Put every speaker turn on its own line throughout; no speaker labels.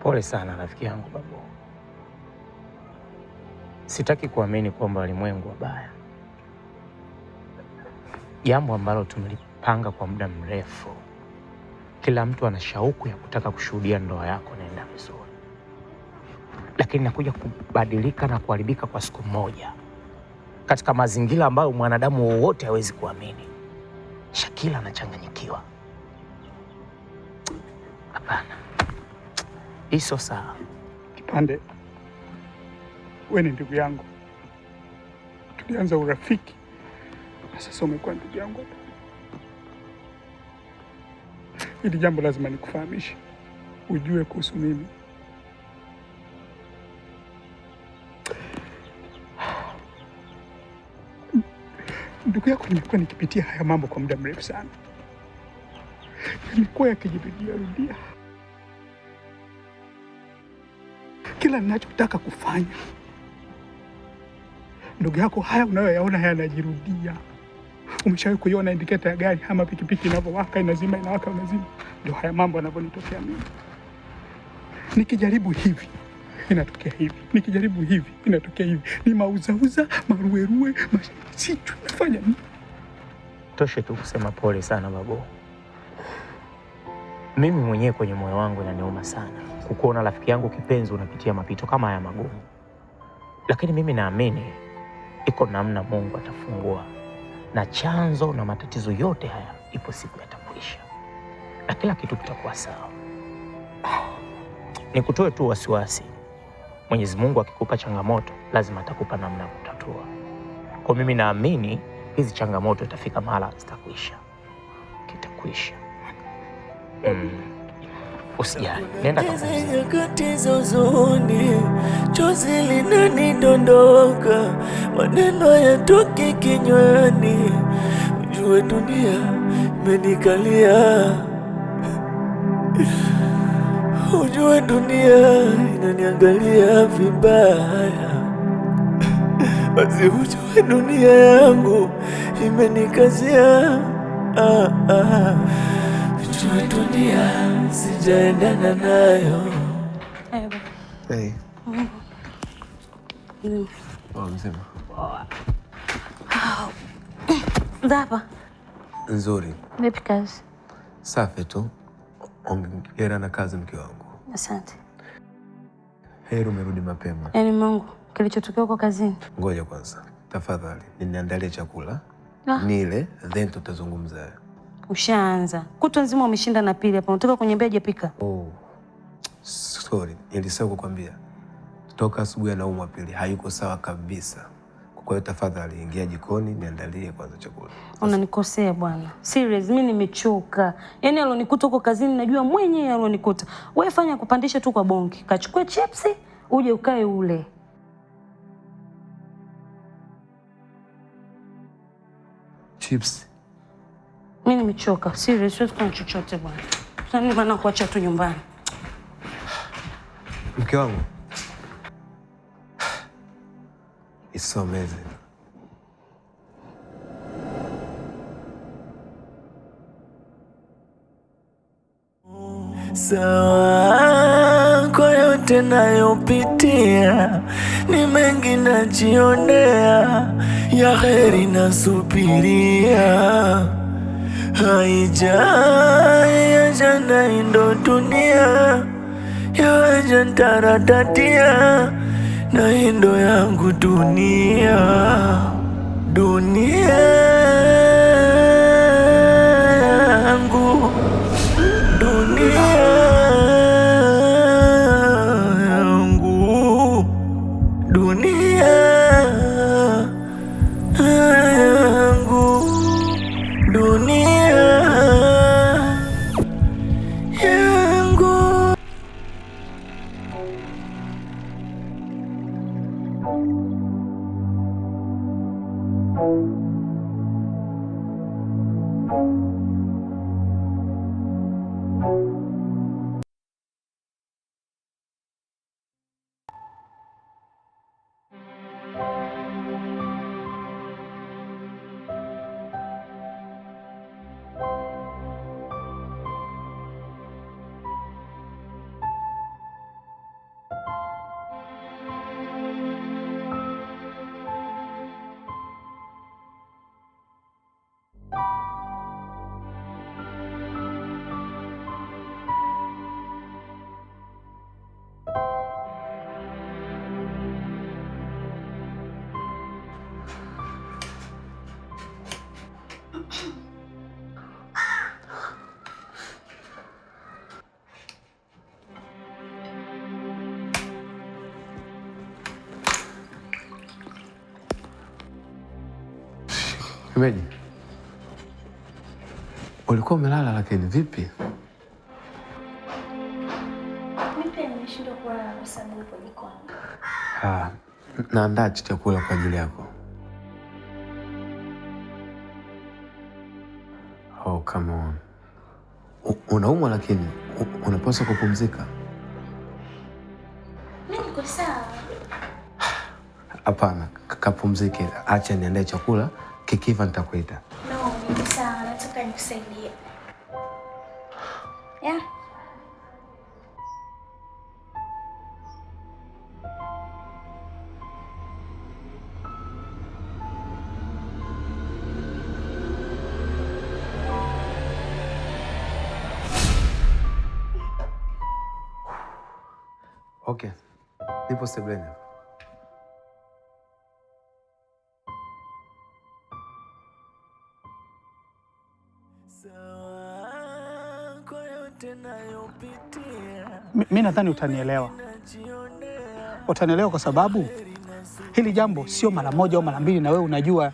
Pole sana rafiki yangu Babu, sitaki kuamini kwamba walimwengu wabaya, jambo ambalo tumelipanga kwa muda mrefu. Kila mtu ana shauku ya kutaka kushuhudia ndoa yako naenda vizuri, lakini nakuja kubadilika na kuharibika kwa siku moja katika mazingira ambayo mwanadamu wowote hawezi kuamini. Shakila anachanganyikiwa. Hapana. Iso sawa.
Kipande, we ni ndugu yangu, tulianza urafiki na sasa umekuwa ndugu yangu. Hili jambo lazima nikufahamishe, ujue kuhusu mimi. Ndugu yako nimekuwa nikipitia haya mambo kwa muda mrefu sana, yamekuwa yakijirudia rudia kila ninachotaka kufanya. Ndugu yako, haya unayoyaona yanajirudia. Umeshawahi kuiona indiketa ya gari ama pikipiki inavyowaka, inazima, inawaka, inazima? Ndio haya mambo yanavyonitokea mimi. Nikijaribu hivi inatokea hivi, nikijaribu hivi inatokea hivi, ni mauzauza, maruerue, mash... nafanya nini.
Toshe tu kusema pole sana Babu. Mimi mwenyewe kwenye moyo wangu inaniuma sana kukuona rafiki yangu kipenzi unapitia mapito kama haya magumu, lakini mimi naamini iko namna Mungu atafungua, na chanzo na matatizo yote haya ipo siku yatakuisha na kila kitu kitakuwa sawa. ni nikutoe tu wasiwasi. Mwenyezi Mungu akikupa changamoto lazima atakupa namna ya kutatua. Kwa mimi naamini hizi changamoto itafika mahala zitakuisha, kitakuisha. Mm. Usijali, nenda kwenye katiza huzuni, chozi linanidondoka, maneno yatoke kinywani, ujue dunia imenikalia, ujue dunia inaniangalia vibaya, basi ujue dunia yangu imenikazia ah, ah. ah. Tuwe dunia sijaendana nayo. Hey. Mm. Oh, Oh. Zapa. Nzuri. Vipi kazi? Safi tu. Ongera na kazi mke wangu. Asante. Heri umerudi mapema. Yaani Mungu, kilichotokea huko kazini. Ngoja kwanza. Tafadhali, ninaandalia chakula. Ah. Nile, then tutazungumza. Ushaanza kutwa nzima umeshinda na pili hapa, unataka kuniambia hajapika? Oh, sorry, nilisahau kukwambia toka asubuhi anaumwa pili, hayuko sawa kabisa. Kwa hiyo tafadhali ingia jikoni niandalie kwanza chakula. Unanikosea bwana, serious, mimi nimechoka. Yaani alonikuta huko kazini najua mwenyewe alonikuta. Wewe fanya kupandisha tu kwa bonki, kachukue chipsi uje ukae ule. Chips mimi nimechoka, serious, siwezi kufanya chochote bwana. Sasa yaani maana kuacha tu nyumbani. Mke wangu. It's so amazing. Sawa kwa yote nayopitia, ni mengi
najionea, ya heri nasubiria haijai na indo dunia yawaja ntaratatia na indo yangu dunia dunia yangu Thank you. Shemeji, ulikuwa umelala lakini vipi?
kwa
naandaa chakula kwa ajili yako. Oh, come on. Unaumwa lakini unapaswa kupumzika. sawa. Hapana, kapumzike. Acha niandae chakula Kikiva nitakuita.
No, sawa, nataka nikusaidie. Yeah.
Okay. Nipo sebleni.
Mi nadhani utanielewa, utanielewa kwa sababu hili jambo sio mara moja au mara mbili, na wewe unajua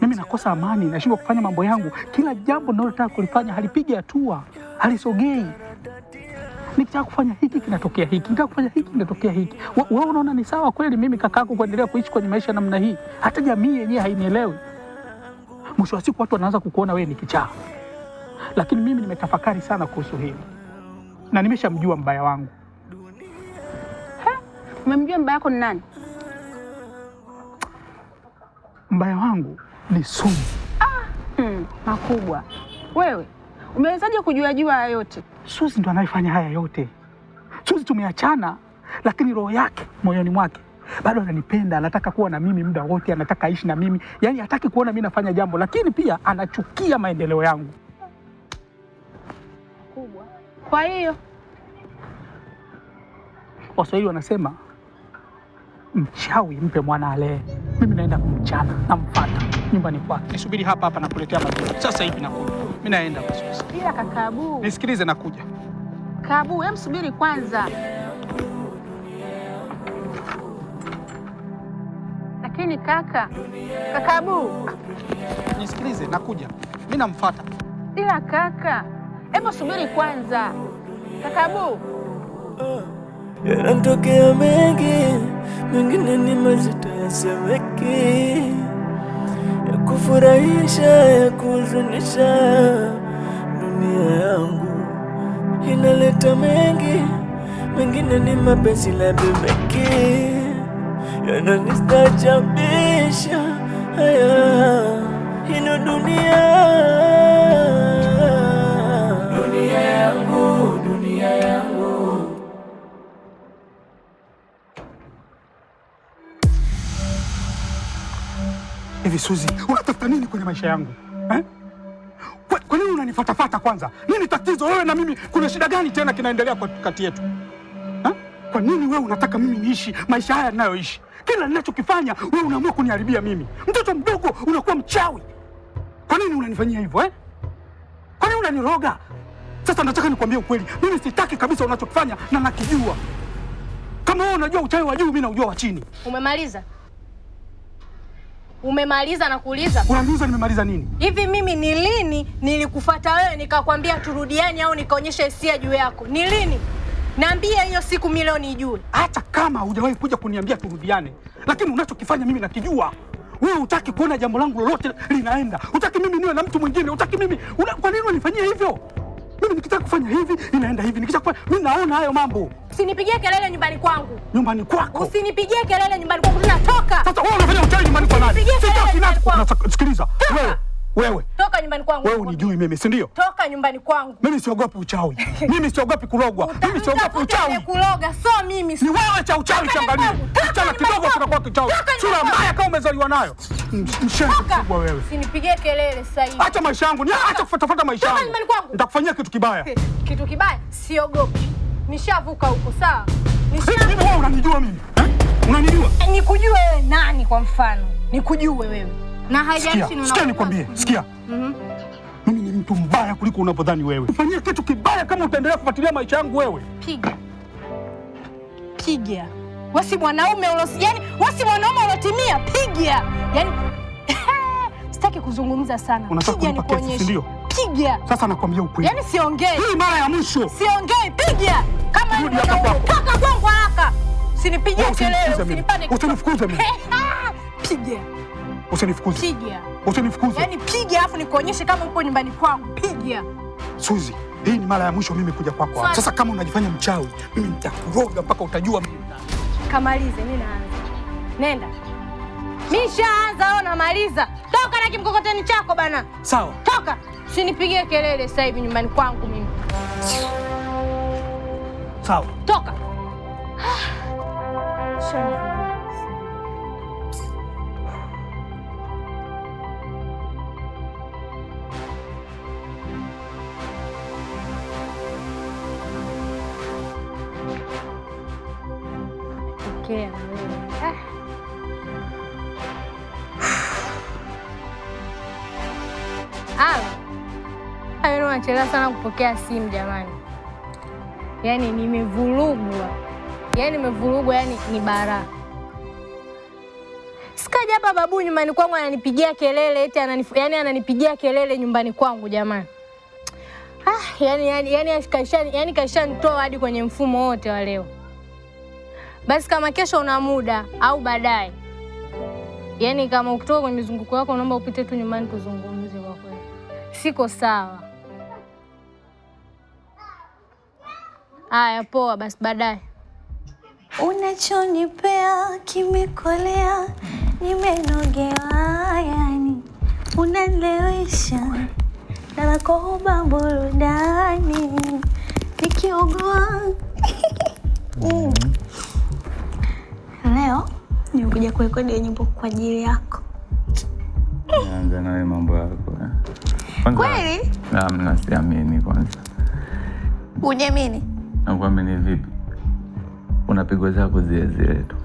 mimi nakosa amani, nashindwa kufanya mambo yangu. Kila jambo ninalotaka kulifanya halipigi hatua, halisogei. Nikitaka kufanya hiki kinatokea hiki, nikitaka kufanya hiki kinatokea hiki. Wewe unaona ni sawa kweli mimi kakaako kuendelea kuishi kwenye maisha namna hii? Hata jamii yenyewe hainielewi. Mwisho wa siku watu wanaanza kukuona wewe ni kichaa. Lakini mimi nimetafakari sana kuhusu hili na nimeshamjua mbaya wangu.
Umemjua mbaya wako ni nani?
Mbaya wangu ni Sumu. Ah,
hmm, makubwa wewe umewezaje kujua jua haya yote?
Suzi ndo anayefanya haya yote. Suzi tumeachana, lakini roho yake moyoni mwake bado ananipenda, anataka kuwa na mimi muda wote, anataka aishi na mimi, yaani hataki kuona mimi nafanya jambo, lakini pia anachukia maendeleo yangu
kubwa. Kwa hiyo
Waswahili wanasema mchawi mpe mwana alee. Mimi naenda kumchana, namfata nyumbani kwake,
nisubiri hapa hapa, nakuletea maziwa sasa hivi. Nakuja, mimi naenda kasusa. Ila kaka nisikilize, nakuja.
Kabu, hem, subiri kwanza. Lakini kaka, kakabu
nisikilize, nakuja, mimi namfata.
Ila kaka Hebu subiri kwanza, Kakabu. Ah, yanatokea mengi, mengine ni mazito yasemeki, ya kufurahisha, ya kuhuzunisha. Dunia yangu inaleta mengi, mengine ni mapenzi la bebeki,
yananistaajabisha. Haya, ino dunia hivi Suzi, unatafuta nini kwenye maisha yangu eh? Kwa nini unanifatafata kwanza? Nini tatizo wewe na mimi? Kuna shida gani tena kinaendelea kati yetu eh? Kwa nini wewe unataka mimi niishi maisha haya ninayoishi? Kila ninachokifanya wewe unaamua kuniharibia mimi. Mtoto mdogo unakuwa mchawi. Kwa nini unanifanyia hivyo eh? Kwa nini unaniroga? Sasa nataka nikwambie ukweli, mimi sitaki kabisa unachokifanya na nakijua. Kama wewe unajua uchawi wa juu, mimi naujua wa chini.
Umemaliza? Umemaliza na kuuliza?
Unaniuliza nimemaliza nini?
Hivi mimi ni lini nilikufata wewe nikakwambia turudiani au nikaonyesha hisia juu yako? Ni lini? Niambie hiyo siku mimi leo nijue.
Hata kama hujawahi kuja kuniambia turudiane, lakini unachokifanya mimi nakijua. Wewe hutaki kuona jambo langu lolote linaenda. Hutaki mimi niwe na mtu mwingine. Hutaki mimi. Una, kwa nini unanifanyia hivyo? Lakini nikitaka kufanya hivi inaenda hivi, nikitaka mimi naona hayo mambo.
Usinipigie kelele nyumbani kwangu.
Nyumbani kwako?
Usinipigie kelele nyumbani kwangu, tunatoka.
Sasa wewe unafanya uchawi nyumbani kwa nani? Sikiliza wewe wewe
toka nyumbani kwangu.
Wewe unijui mimi, si ndio?
Toka nyumbani kwangu.
Mimi siogopi uchawi. Mimi siogopi kulogwa. Mimi siogopi uchawi.
Kuloga sio mimi. Ni
wewe cha uchawi changalia. Acha na kidogo tutakuwa kichawi. Sura mbaya kama umezaliwa nayo. Mshenzi mkubwa wewe.
Sinipigie kelele sasa hivi.
Acha maisha yangu. Acha kufuatafuta maisha yangu. Toka nyumbani kwangu. Nitakufanyia kitu kibaya.
Kitu kibaya? Siogopi. Nishavuka huko, sawa?
Nishavuka. Mimi wewe Unanijua mimi? Unanijua?
Eh, nikujue wewe nani kwa mfano? Nikujue wewe.
Na haijalishi ni sikia, nikwambie, sikia. Mhm. Mimi ni mtu mbaya kuliko unavyodhani wewe. Fanyia kitu kibaya kama utaendelea kufuatilia maisha yangu wewe. Piga.
Piga. Wasi mwanaume ulo, yani wasi mwanaume ulotimia, piga. Yani sitaki kuzungumza sana.
Unataka nikuonyeshe, ndio? Piga. Sasa nakwambia ukweli.
Yani siongei.
Hii mara ya mwisho.
Siongei, piga. Kama rudi hapa Kaka kwangu haraka. Usinipigie kelele,
usinipande. Usinifukuze mimi. Piga. Usinifukuze. Piga. Usinifukuze.
Yaani piga afu nikuonyeshe kama uko nyumbani kwangu. Piga.
Suzi, hii ni mara ya mwisho mimi kuja kwako Kwa. Sasa kama unajifanya mchawi, mimi nitakuroga mpaka utajua mimi.
Kamalize, mimi naanza. Nenda. Nishaanza, ona maliza. Toka na kimkokoteni chako bana. Sawa. Toka. Usinipigie kelele sasa hivi nyumbani kwangu mimi. Sawa. Toka. Sawa. nimechelewa sana kupokea simu jamani, yaani nimevurugwa, yaani nimevurugwa, yaani ni bara. Sikaja hapa, babu nyumbani kwangu ananipigia kelele eti ananif, yaani ananipigia kelele nyumbani kwangu jamani. Ah, yaani yaani yaani kaisha yaani nitoa hadi kwenye mfumo wote wa leo. Basi kama kesho una muda au baadaye, yaani kama ukitoka kwenye mizunguko yako, naomba upite tu nyumbani tuzungumze. Kwa kweli siko sawa. Haya, poa basi, baadaye. Unachonipea kimekolea, nimenogewa yani, unalewesha nanakohoba burudani nikiugua mm-hmm. Leo nimekuja mm-hmm. kurekodi nyimbo kwa ajili yako.
Anza na wewe mambo yako. Eh. Kweli? Naam, nasiamini kwanza.
Unyamini?
na kuamini vipi? Unapigwa zako zile zile tu.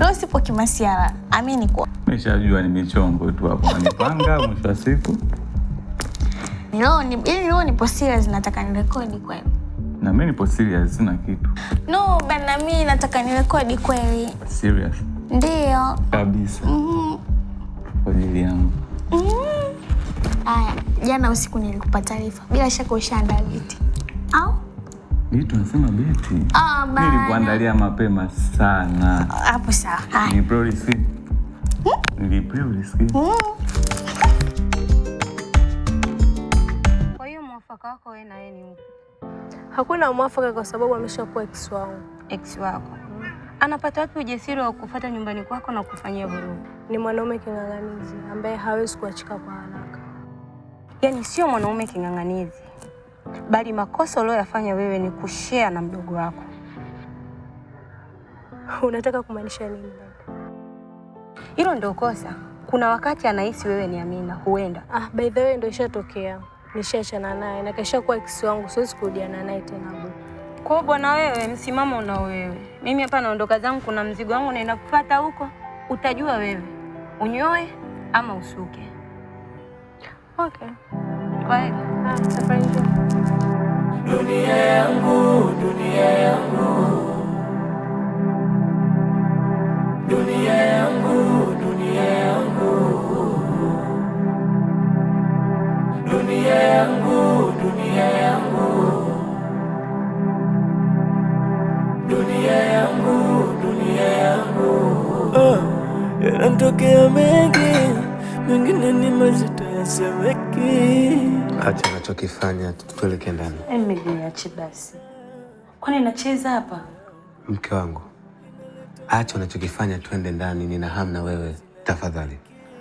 Leo kimasiara, amini kwa.
meshajua ni michongo tu hapo nanipanga mwisho wa siku.
Leo ni yaani ili leo nipo serious nataka nirekodi kweli.
Na mimi nipo serious sina kitu.
No, bana mimi nataka nirekodi kweli. Serious. Ndio.
Kabisa. Mhm. Kwa ajili yangu. Mhm.
Aya, jana usiku nilikupa taarifa. Bila shaka ushaandaa viti au
hii nasema beti. Oh, nilikuandalia mapema sana hapo. Sawa, nilipewa Ni nilipewa risiti. Hmm? Hmm.
Kwa hiyo mwafaka wako wewe na yeye ni upi? Hakuna mwafaka kwa sababu ameshakuwa ex wangu.
Ex wako hmm. Anapata wapi ujasiri wa kufuata nyumbani kwako na kufanyia vurugu?
Ni mwanaume king'ang'anizi ambaye hawezi kuachika kwa haraka,
yaani sio mwanaume king'ang'anizi bali makosa ulioyafanya wewe ni kushare na mdogo wako.
Unataka kumaanisha nini dada?
Hilo ndio kosa. Kuna wakati anahisi wewe ni Amina, huenda.
Ah, by the way ndio ishatokea, nishaachana naye na kaisha kuwa kisi wangu, siwezi kurudiana naye tena.
Kwa bwana, wewe msimamo una wewe, mimi hapa naondoka zangu, kuna mzigo wangu na inakupata huko, utajua wewe unyoe ama usuke.
Okay. Kwa hiyo, ah, safari njema dunia yangu, dunia yangu, dunia yangu, dunia yangu, dunia
yangu, dunia yangu, dunia yangu, dunia yangu. Ah, Yanamtokea mengi, mengine ni mazito yasemeki ulichokifanya, tuelekee ndani.
Niache basi, kwani nacheza hapa?
Mke wangu, acha unachokifanya, twende ndani, nina hamu na wewe, tafadhali.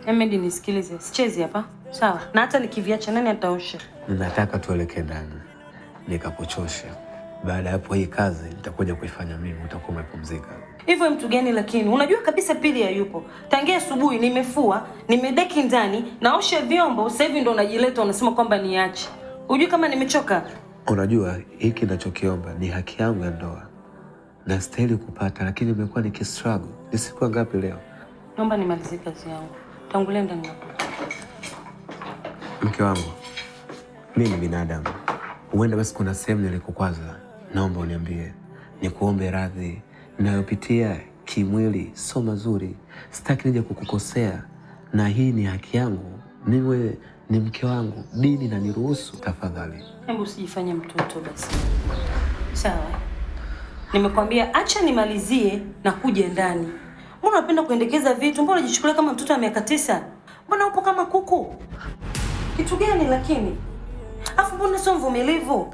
Emedi, nisikilize, sichezi hapa sawa? Na hata nikiviacha nani ataosha?
Nataka tuelekee ndani nikakuchosha baada ya hapo hii kazi nitakuja kuifanya mimi, utakuwa umepumzika.
Hivyo mtu gani? Lakini unajua kabisa pili hayupo tangia asubuhi, nimefua nimedeki ndani naosha vyombo, sasa hivi ndo unajileta unasema kwamba niache. Unajua kama nimechoka?
Unajua hiki ninachokiomba ni haki yangu ya ndoa, nastahili kupata, lakini nimekuwa nikistruggle. Ni siku ngapi leo?
Naomba nimalizie kazi yangu, tangulia ndani.
Mke wangu, mimi ni binadamu, huenda basi kuna sehemu nilikukwaza naomba uniambie, nikuombe radhi, nayopitia kimwili sio mazuri, sitaki nija kukukosea, na hii ni haki yangu, niwe ni mke wangu, dini na niruhusu tafadhali.
Hebu usijifanye mtoto basi, sawa? Nimekwambia acha nimalizie na kuja ndani. Mbona unapenda kuendekeza vitu? Mbona unajichukulia kama mtoto wa miaka tisa? Mbona upo kama kuku? Kitu gani lakini? Afu mbona sio mvumilivu?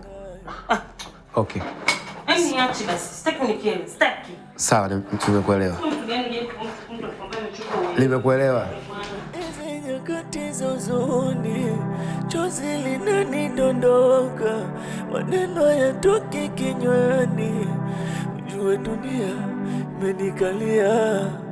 Ah.
Okay. Sawa, nimekuelewa. Nimekuelewa. Zuzuni chozi linanidondoka, maneno yatoke kinywani, jua dunia imenikalia.